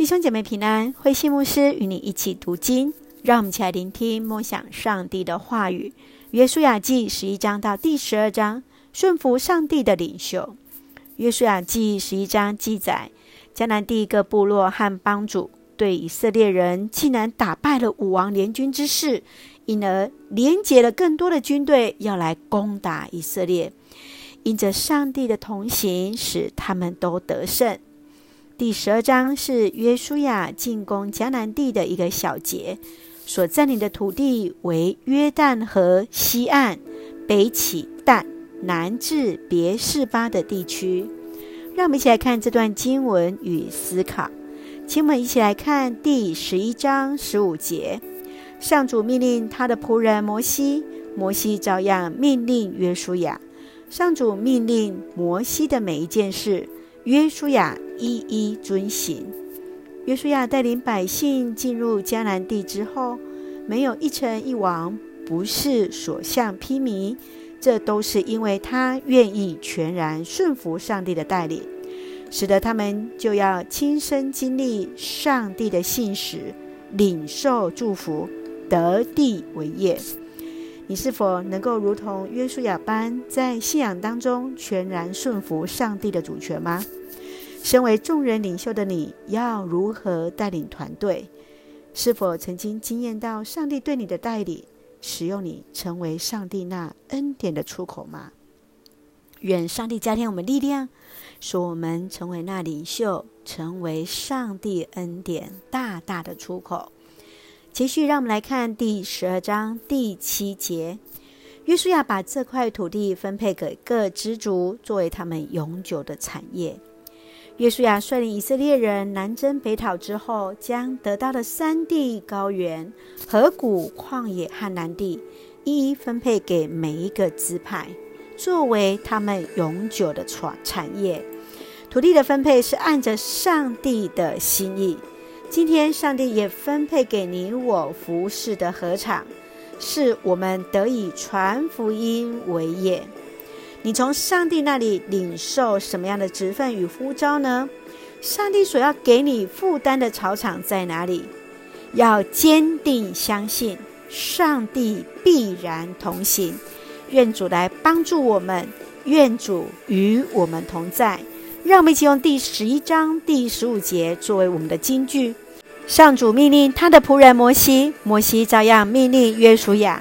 弟兄姐妹平安，慧馨牧師與你一起讀經，讓我們一起來聆聽、默想上帝的話語。《約書亞記》十一章到第十二章，順服上帝的領袖。《約書亞記》十一章記載，迦南地各部落和邦主對以色列人竟然打敗了五王聯軍之事，因而聯結了更多的軍隊要來攻打以色列。因着上帝的同行，使他們都得勝。第十二章是約書亞進攻迦南地的一個小結，所占領的土地為約旦河西岸，北起但，南至別是巴的地區。讓我們一起來看這段經文與思考，請我們一起來看第十一章十五節：上主命令他的僕人摩西，摩西照樣命令約書亞。上主命令摩西的每一件事，約書亞。一一遵行。約書亞帶領百姓進入迦南地之後，沒有一城一王不是所向披靡，這都是因為他願意全然順服上帝的帶領，使得他們就要親身經歷上帝的信實，領受祝福，得地為業。你是否能夠如同約書亞般，在信仰當中全然順服上帝的主權嗎？身為眾人領袖的你，要如何帶領團隊？是否曾經經驗到上帝對你的帶領，使用你成為上帝那恩典的出口嗎？願上帝加添我們力量，使我們成為那領袖，成為上帝恩典大大的出口。繼續，讓我們來看第十二章第七節：約書亞把這塊土地分配給各支族，作為他們永久的產業。約書亞率領以色列人南征北討之後，將得到的山地、高原、河谷、曠野和南地，一一分配給每一個支派，作為他們永久的傳產業。土地的分配是按着上帝的心意。今天，上帝也分配給你我服事的禾場，是我們得以傳福音為業。你從上帝那裡領受什麼樣的職分與呼召呢？上帝所要給你負擔的草場在哪裡？要堅定相信上帝必然同行。願主來幫助我們，願主與我們同在。讓我們一起用第十一章第十五節作為我們的金句：“上主命令他的僕人摩西，摩西照樣命令約書亞。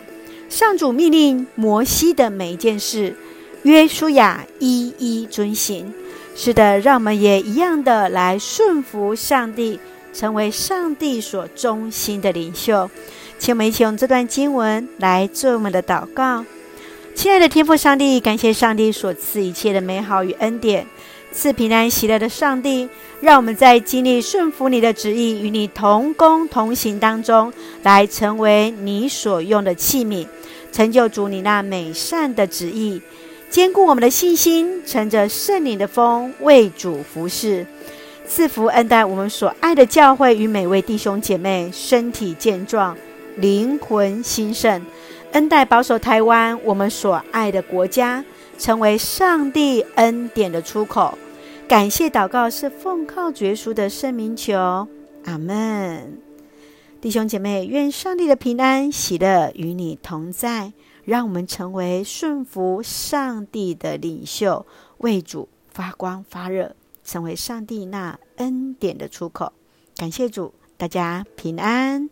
上主命令摩西的每一件事。”約書亞一一遵行，是的，讓我們也一樣的來順服上帝，成為上帝所忠心的領袖。請我們一起用這段經文來做我們的禱告。親愛的天父上帝，感謝上帝所賜一切的美好與恩典，賜平安喜樂的上帝，讓我們在經歷順服你的旨意，與你同工同行當中，來成為你所用的器皿，成就主你那美善的旨意。堅固我們的信心，乘着聖靈的風，為主服事。賜福恩待我們所愛的教會與每位弟兄姐妹，身體健壯，靈魂興盛，恩待保守台灣，我們所愛的國家，成為上帝恩典的出口。感謝禱告是奉靠主耶穌的聖名求，阿門。弟兄姐妹，願上帝的平安喜樂與你同在。讓我們成為順服上帝的領袖，為主發光發熱，成為上帝那恩典的出口。感謝主，大家平安。